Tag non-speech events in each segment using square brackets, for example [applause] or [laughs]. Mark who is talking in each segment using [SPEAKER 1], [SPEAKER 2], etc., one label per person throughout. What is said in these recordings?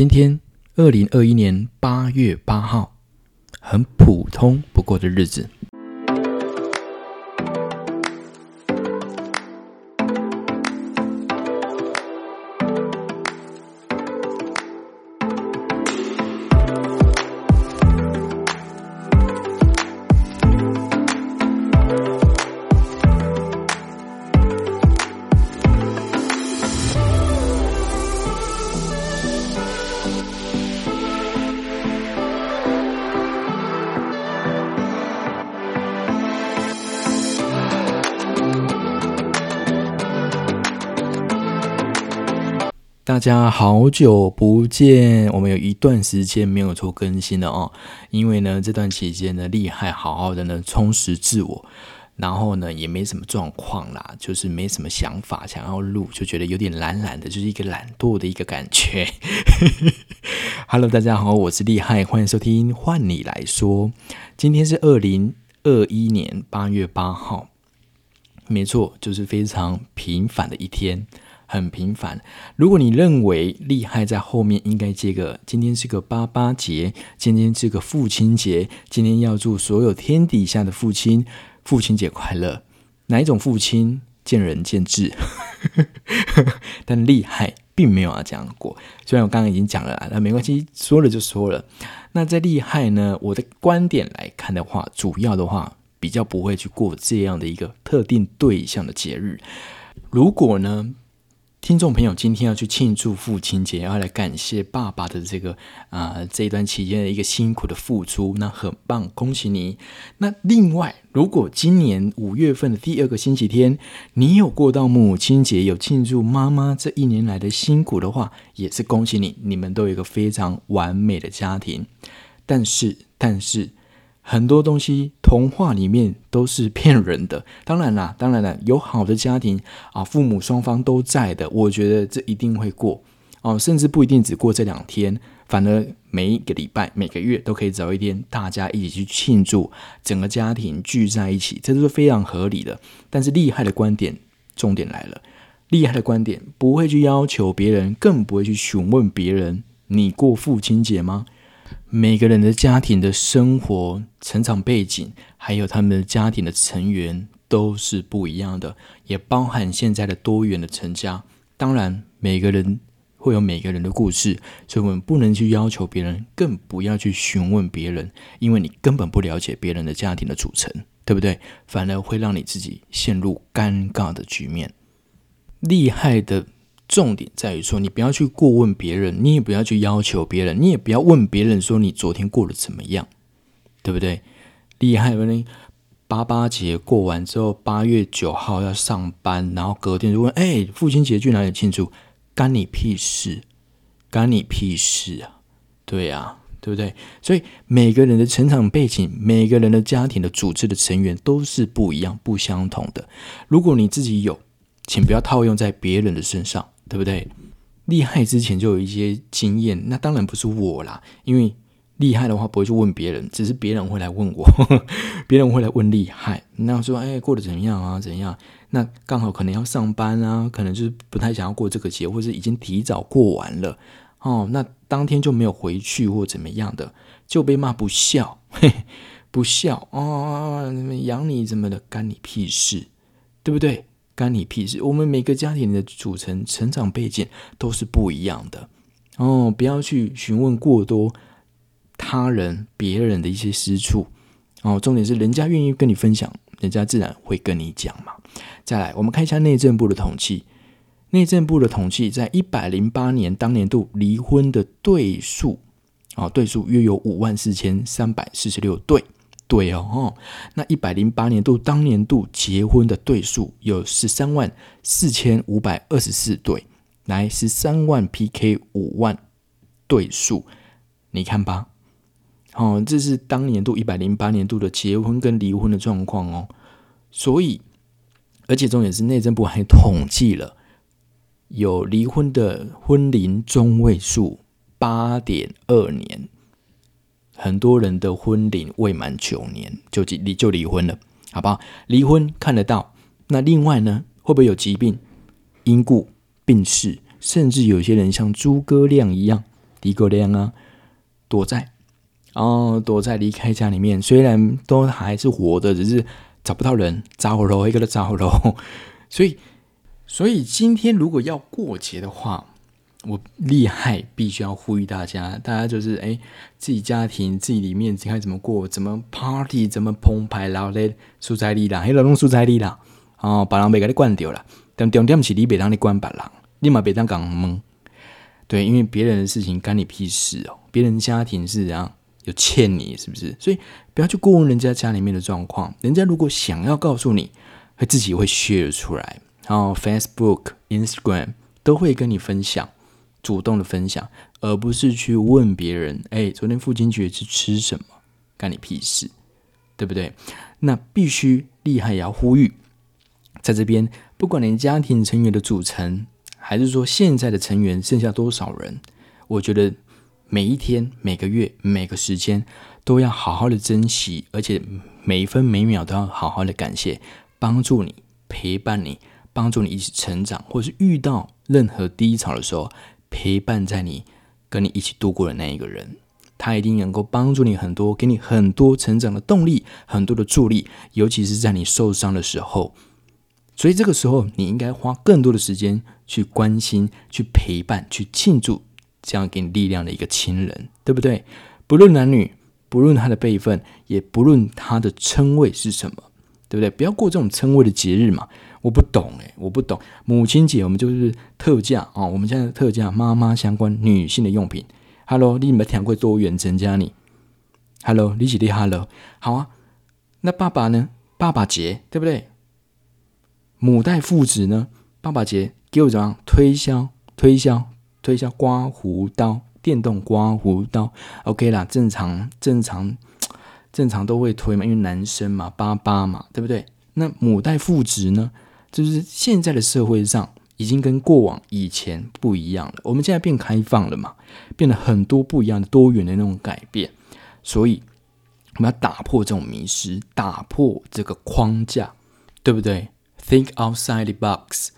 [SPEAKER 1] 今天，二零二一年八月八號，很普通不過的日子。大家好久不見，我們有一段時間沒有做更新了哦。因為呢，這段期間呢，厲害好好的呢，充實自我，然後呢，也沒什麼狀況啦，就是沒什麼想法想要錄，就覺得有點懶懶的，就是一個懶惰的一個感覺。 [laughs] Hello，大家好，我是厲害，歡迎收聽《換你來說》，今天是二零二一年八月八號，沒錯，就是非常平凡的一天。很平凡。如果你認為厲害在後面，應該接個“今天是個八八節”，今天是個父親節，今天要祝所有天底下的父親父親節快樂。哪一種父親，見仁見智。 [laughs] 但厲害並沒有啊，這樣過。雖然我剛剛已經講了，啊，那沒關係，說了就說了。那在厲害呢，我的觀點來看的話，主要的話比較不會去過這樣的一個特定對象的節日。如果呢？聽眾朋友，今天要去慶祝父親節，要來感謝爸爸的這個啊、呃、這一段期間的一個辛苦的付出，那很棒，恭喜你。那另外，如果今年五月份的第二個星期天，你有過到母親節，有慶祝媽媽這一年來的辛苦的話，也是恭喜你，你們都有一個非常完美的家庭。但是，但是。很多東西童話裡面都是騙人的，當然啦，當然啦，有好的家庭啊，父母雙方都在的，我覺得這一定會過哦。啊，甚至不一定只過這兩天，反而每一個禮拜、每個月都可以找一天，大家一起去慶祝，整個家庭聚在一起，這都是非常合理的。但是厲害的觀點，重點來了，厲害的觀點不會去要求別人，更不會去詢問別人，你過父親節嗎？每個人的家庭的生活、成長背景，還有他們的家庭的成員都是不一樣的，也包含現在的多元的成家。當然，每個人會有每個人的故事，所以我們不能去要求別人，更不要去詢問別人，因為你根本不了解別人的家庭的組成，對不對？反而會讓你自己陷入尷尬的局面。厲害的。重點在於說，你不要去過問別人，你也不要去要求別人，你也不要問別人說，你昨天過得怎麼樣，對不對？厲害吧？人，八八節過完之後，八月九號要上班，然後隔天如果，哎，父親節去哪裡慶祝，干你屁事，干你屁事啊？對啊，對不對？所以每個人的成長背景，每個人的家庭的組織的成員都是不一樣、不相同的。如果你自己有，請不要套用在別人的身上，對不對？厲害之前就有一些經驗，那當然不是我啦。因為厲害的話不會去問別人，只是別人會來問我，呵呵別人會來問厲害。那說哎，過得怎麼樣啊？怎樣？那剛好可能要上班啊，可能就是不太想要過這個節，或者是已經提早過完了哦。那當天就沒有回去或怎麼樣的，就被罵不孝，嘿嘿不孝啊，哦！養你怎麼的，干你屁事，對不對？幹你屁事！我們每個家庭的組成、成長背景都是不一樣的哦，不要去詢問過多他人、別人的一些私處哦。重點是，人家願意跟你分享，人家自然會跟你講嘛。再來，我們看一下內政部的統計，內政部的統計在一百零八年當年度離婚的對數，哦，對數約有五萬四千三百四十六對。對哦，那一百零八年度當年度結婚的對數有十三萬四千五百二十四對，來十三萬 PK 五萬對數，你看吧，哦，這是當年度一百零八年度的結婚跟離婚的狀況哦，所以而且重點是內政部還統計了有離婚的婚齡中位數八點二年。很多人的婚齡未滿九年就離就離婚了，好不好？離婚看得到。那另外呢，會不會有疾病、因故病逝，甚至有些人像諸葛亮一樣，諸葛亮啊，躲在，哦，躲在離開家裡面，雖然都還是活的，只是找不到人，找不着，一個都找不着。所以，所以今天如果要過節的話。我厲害，必須要呼籲大家，大家就是哎、欸，自己家庭自己裡面應該怎麼過，怎麼 party，怎麼澎湃，然後嘞，素材裡啦，黑龍素材裡啦，哦，別人被你灌掉了，但重點是你別讓你灌別人，你嘛別當講懵。對，因為別人的事情干你屁事哦，別人家庭是怎、啊、樣，有欠你是不是？所以不要去過問人家家裡面的狀況，人家如果想要告訴你，他自己會 share 出來，然、哦、後 Facebook、Instagram 都會跟你分享。主動的分享，而不是去問別人：“哎、欸，昨天父親節是吃什麼？”幹你屁事，對不對？那必須厲害也要呼籲，在這邊，不管你家庭成員的組成，還是說現在的成員剩下多少人，我覺得每一天、每個月、每個時間都要好好的珍惜，而且每一分每秒都要好好的感謝幫助你、陪伴你、幫助你一起成長，或是遇到任何低潮的時候。陪伴在你，跟你一起度過的那一個人，他一定能夠幫助你很多，給你很多成長的動力，很多的助力，尤其是在你受傷的時候。所以這個時候，你應該花更多的時間去關心、去陪伴、去慶祝，這樣給你力量的一個親人，對不對？不論男女，不論他的輩分，也不論他的稱謂是什麼，對不對？不要過這種稱謂的節日嘛。我不懂哎，我不懂。母親節，我們就是特價啊、哦！我們現在特價媽媽相關女性的用品。Hello，你們沒有聽過多元增加你？Hello，你綺麗，Hello，好啊。那爸爸呢？爸爸節對不對？母帶父子呢？爸爸節給我怎樣推銷？推銷推銷刮鬍刀，電動刮鬍刀。OK 啦，正常正常正常都會推嘛，因為男生嘛，爸爸嘛，對不對？那母帶父子呢？就是現在的社會上已經跟過往以前不一樣了，我們現在變開放了嘛，變了很多不一樣的多元的那種改變，所以我們要打破這種迷失，打破這個框架，對不對？Think outside the box，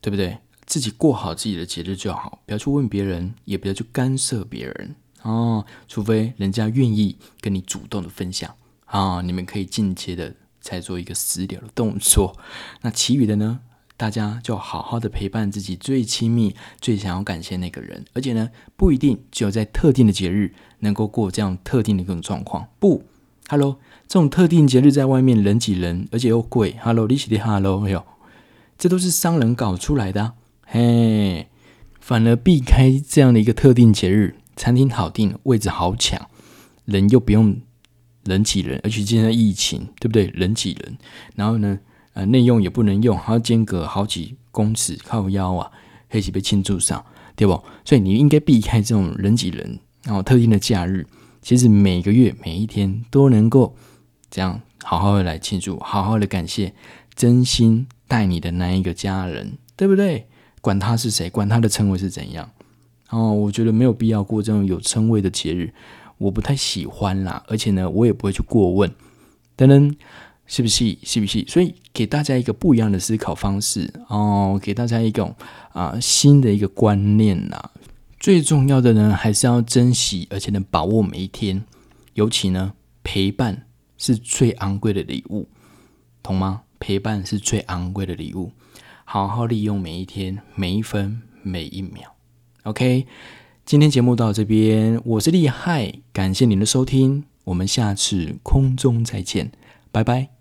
[SPEAKER 1] 對不對？自己過好自己的節日就好，不要去問別人，也不要去干涉別人哦，除非人家願意跟你主動的分享啊、哦，你們可以間接的。才做一個撕掉的動作，那其餘的呢？大家就好好的陪伴自己最親密、最想要感謝的那個人。而且呢，不一定只有在特定的節日能夠過這樣特定的一種狀況。不，Hello，這種特定節日在外面人擠人，而且又貴。Hello，立起立，Hello，這都是商人搞出來的啊。嘿、hey，反而避開這樣的一個特定節日，餐廳好定，位置好搶，人又不用。人擠人，而且今天的疫情，對不對？人擠人，然後呢，呃，內用也不能用，還要間隔好幾公尺，靠腰啊，黑起被慶祝上，對不？所以你應該避開這種人擠人、然、哦、後特定的假日，其實每個月每一天都能夠這樣好好的來慶祝，好好的感謝真心待你的那一個家人，對不對？管他是誰，管他的稱謂是怎樣，然、哦、後我覺得沒有必要過這種有稱謂的節日。我不太喜歡啦，而且呢，我也不會去過問，等等，是不是？是不是？所以給大家一個不一樣的思考方式哦，給大家一種啊新的一個觀念啦。最重要的呢，還是要珍惜，而且能把握每一天。尤其呢，陪伴是最昂貴的禮物，懂嗎？陪伴是最昂貴的禮物，好好利用每一天，每一分，每一秒。OK。今天節目到這邊，我是厲害，感謝您的收聽，我們下次空中再見，拜拜。